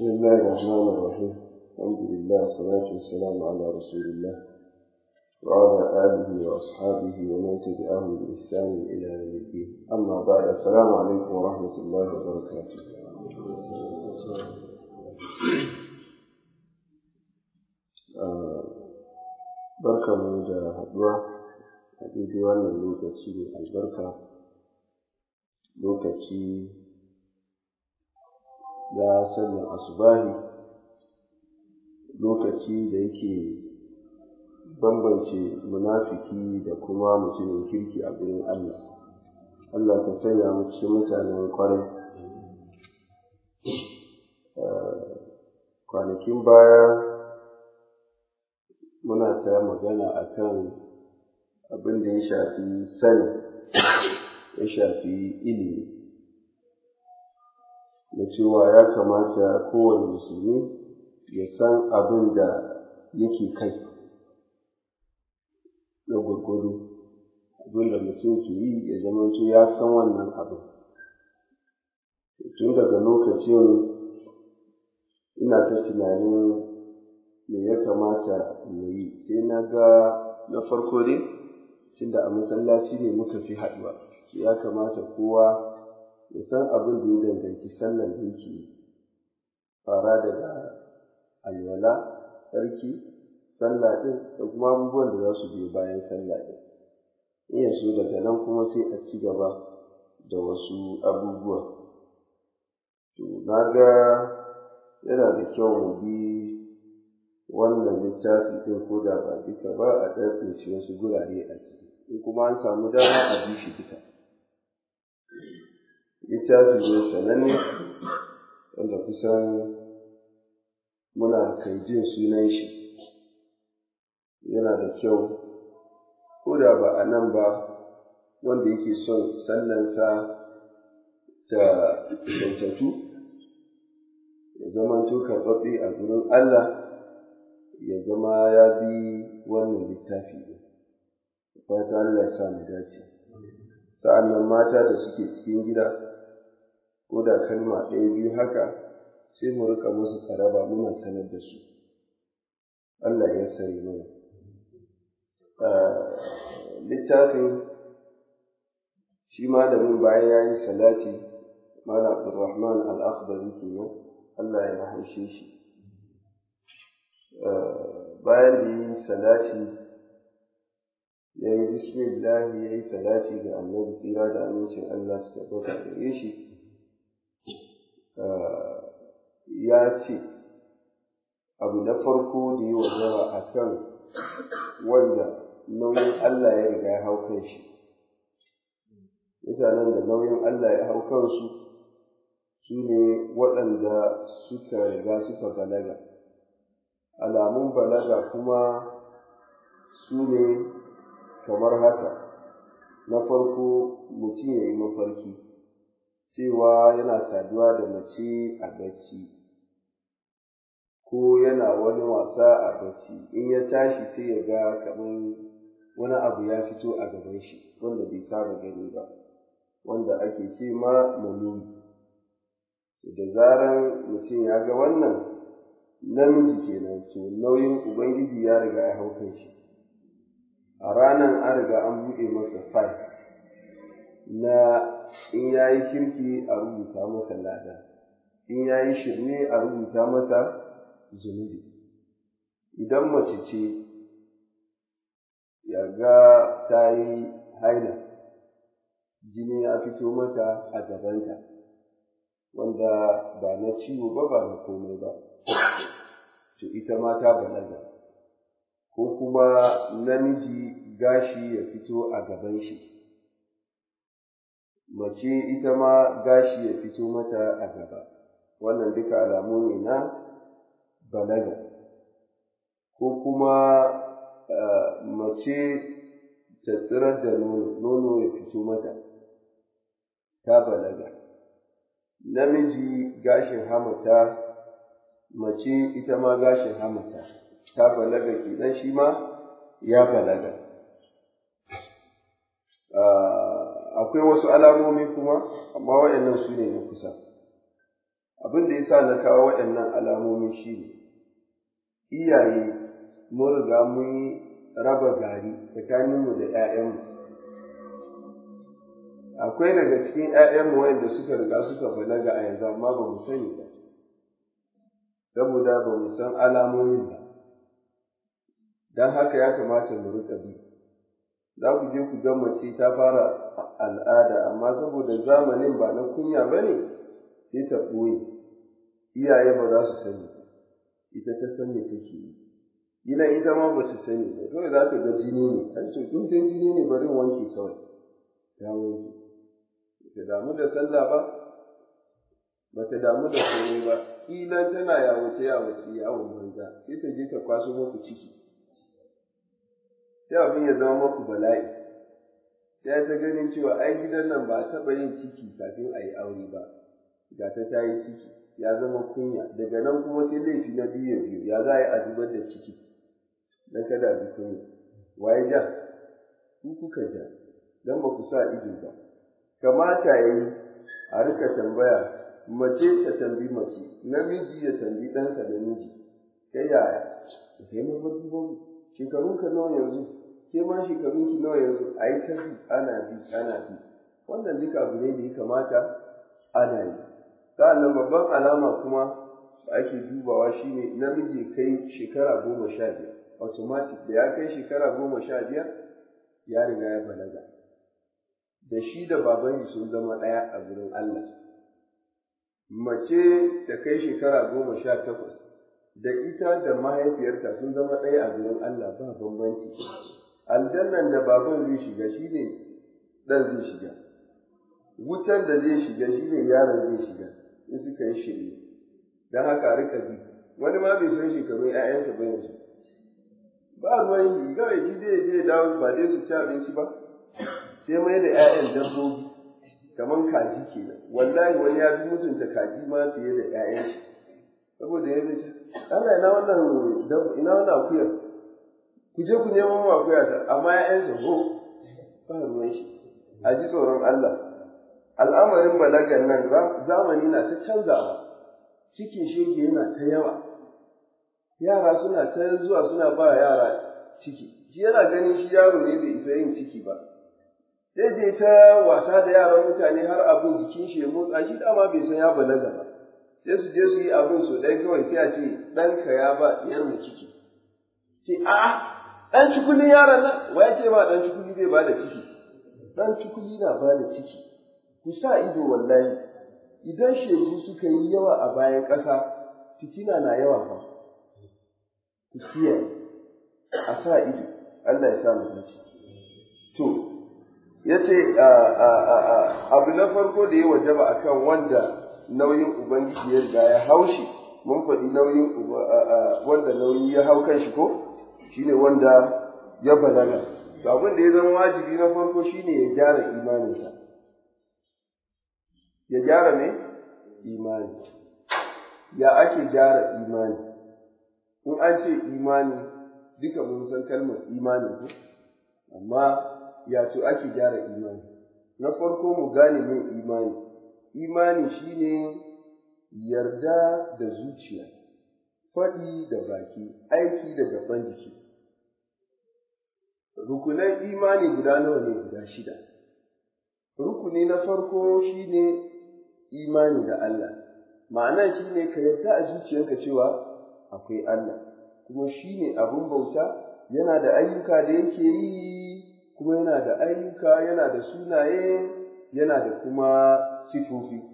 بسم الله الرحمن الرحيم الحمد لله والصلاة والسلام على رسول الله وعلى آله وأصحابه ومن تبعهم بإحسان إلى يوم الدين أما بعد السلام عليكم ورحمة الله وبركاته آه، بركة من هدوء حديثي وانا لوكتي البركة لوكتي Na sallar asubahi lokaci da yake bambance munafiki da kuma mutumin kirki a gurin Allah Allah ka sanya mu cikin mutanen kwarai eh, kwanakin baya muna ta magana akan abin da ya shafi sani ya shafi ilimi na cewa ya kamata kowane musulmi ya san abin da yake kai na gwargwado abin da mutum ke yi ya zama ya san wannan abin tun daga lokacin ina ta tunanin me ya kamata na yi sai na ga na farko dai tunda a masallaci ne muka fi haɗuwa ya kamata kowa ya san abin da ya danganci sallar da fara daga alwala sarki sallah ɗin da kuma abubuwan da za su biyo bayan sallah ɗin iya so daga nan kuma sai a ci gaba da wasu abubuwa to na ga yana da kyau mu bi wannan littafi ɗin ko da ba duka ba a ɗan tsinci wasu gurare a ciki in kuma an samu dama a bi shi duka littafi ne sananne wanda kusan muna kai jin sunan shi yana da kyau ko da ba a nan ba wanda yake son sallansa ta kyautatu ya zama to karɓaɓɓe a gurin Allah ya zama ya bi wannan littafi ɗin fata Allah ya sa mu dace sa'annan mata da suke cikin gida ko da kalma ɗaya biyu haka sai mu rika musu taraba muna sanar da su Allah ya sani mana ah, littafin shi malamin bayan ya yi salati malam abdurrahman al-akhbari kenan Allah ya haishe shi ah, bayan da yi salati ya yi bismillah ya yi salati ga annabi tsira da amincin Allah su tabbata gare shi Eh, ya ce abu na farko da yi wa zama a kan wanda nauyin Allah ya riga ya hau kan shi mutanen da nauyin Allah ya hau kansu su ne waɗanda suka riga suka balaga alamun balaga kuma su ne kamar haka na farko mutum ya yi mafarki cewa yana saduwa da mace a bacci ko yana wani wasa a bacci in ya tashi sai ya ga kamar wani abu ya fito a gaban shi wanda bai saba gani ba wanda ake ce ma manuni da zaran mutum ya ga wannan namiji kenan to nauyin ubangiji ya riga ya hau shi a ranar an riga an buɗe masa fai na in ya yi kirki a rubuta masa lada, in ya yi shirme a rubuta masa zunubi. Idan mace ce ya ga ta yi haina, jini ya fito mata a gabanta, wanda ba na ciwo ba ba na komai ba, to ita mata balaga, ko kuma namiji gashi ya fito a gaban shi. mace ita ma gashi ya fito mata a gaba wannan duka alamu ne na balaga ko kuma mace ta tsirar da nono nono ya fito mata ta balaga namiji gashin hamata mace ita ma gashin hamata ta balaga kenan shi ma ya balaga akwai wasu alamomi kuma amma waɗannan su ne na kusa abin da sa na kawo waɗannan alamomi shi ne iyaye mun riga mun yi raba gari tsakaninmu da ‘ya'yanmu akwai daga cikin ‘ya'yanmu waɗanda suka riga suka balaga a yanzu amma ba mu sani ba saboda ba mu san alamomin ba don haka ya kamata mu riƙa bi za ku je ku ga ta fara al'ada amma saboda zamanin ba na kunya ba ne sai ta ɓoye iyaye ba za su sani ita ta sani ke yi gina ita ma ba ta sani ba kawai za ta ga jini ne an ce tun jini ne bari wanke kawai ta wanke ta damu da sallah ba ba ta damu da komai ba kilan tana yawace yawace yawon banza sai ta je ta kwaso maku ciki sai abin ya zama maku bala'i Ya ta ganin cewa ai gidan nan ba taɓa yin ciki kafin a yi aure ba ga ta ta yi ciki ya zama kunya daga nan kuma sai laifi na biyu biyu ya za a yi a zubar da ciki na kada a kunya waye ja ku kuka ja dan ba ku sa ido ba kamata ya yi. a rika tambaya mace ta tambi mace namiji ya tambi ɗansa da miji ta yaya kai mafarki ba shekarunka nawa yanzu ke ma shekarun ki nawa yanzu a yi ta bi ana bi ana bi wannan duka abu ne da ya kamata ana yi sa'annan babban alama kuma da ake dubawa shine namiji kai shekara goma sha biyar automatic da ya kai shekara goma sha biyar ya riga ya balaga da shi da baban sun zama ɗaya a gurin Allah mace ta kai shekara goma sha takwas da ita da mahaifiyarta sun zama ɗaya a gurin Allah ba bambanci aljannan da baban zai shiga shi ne dan zai shiga wutan da zai shiga shi ne yaron zai shiga in suka yi shiri don haka rika bi wani ma bai san shekaru 'ya'yansa ba yanzu ba ruwan yi ga ji zai je dawo ba dai su ci abinci ba sai mai da 'ya'yan dabbobi kamar kaji kenan wallahi wani ya fi mutunta kaji ma fiye da 'ya'yan shi saboda yanzu ana ina wannan ina wannan akuyar ku je ku nemo ma ku yata amma ‘ya'yansa zo ba ruwan shi a ji tsoron Allah al'amarin balagan nan zamani na ta canzawa cikin shege yana ta yawa yara suna ta zuwa suna ba yara ciki shi yana ganin shi yaro ne bai isa yin ciki ba sai dai ta wasa da yaran mutane har abin jikin shi ya motsa shi ma bai san ya balaga ba sai su je su yi abin su dai kawai sai a ce ɗanka ya ba ɗiyar mu ciki ce a ɗan cikulin yaron nan wa ya ce ma ɗan cikuli bai ba da ciki ɗan cikuli na ba da ciki ku sa ido wallahi idan shegu suka yi yawa a bayan ƙasa fitina na yawa ba. ku kiyaye a sa ido Allah ya sa mu dace to ce, abu na farko da ya wajaba kan wanda nauyin ubangiji ya riga ya haushi mun faɗi nauyin wanda nauyi ya hau kan shi ko shine wanda ya balaga to abin da ya zama wajibi na farko shine ya gyara imaninsa ya gyara ne? imani ya ake gyara imani in an ce imani duka mun san kalmar imani ko amma ya to ake gyara imani na farko mu gane mai imani imani shine yarda da zuciya faɗi da baki aiki da gaban jiki rukunan imani guda nawa ne guda shida. Rukuni na farko shine imani da Allah, ma'ana shine ka yarda a zuciyarka cewa akwai Allah, kuma shine ne abin bauta yana da ayyuka da yake yi, kuma yana da ayyuka, yana da sunaye, yana da kuma sifofi.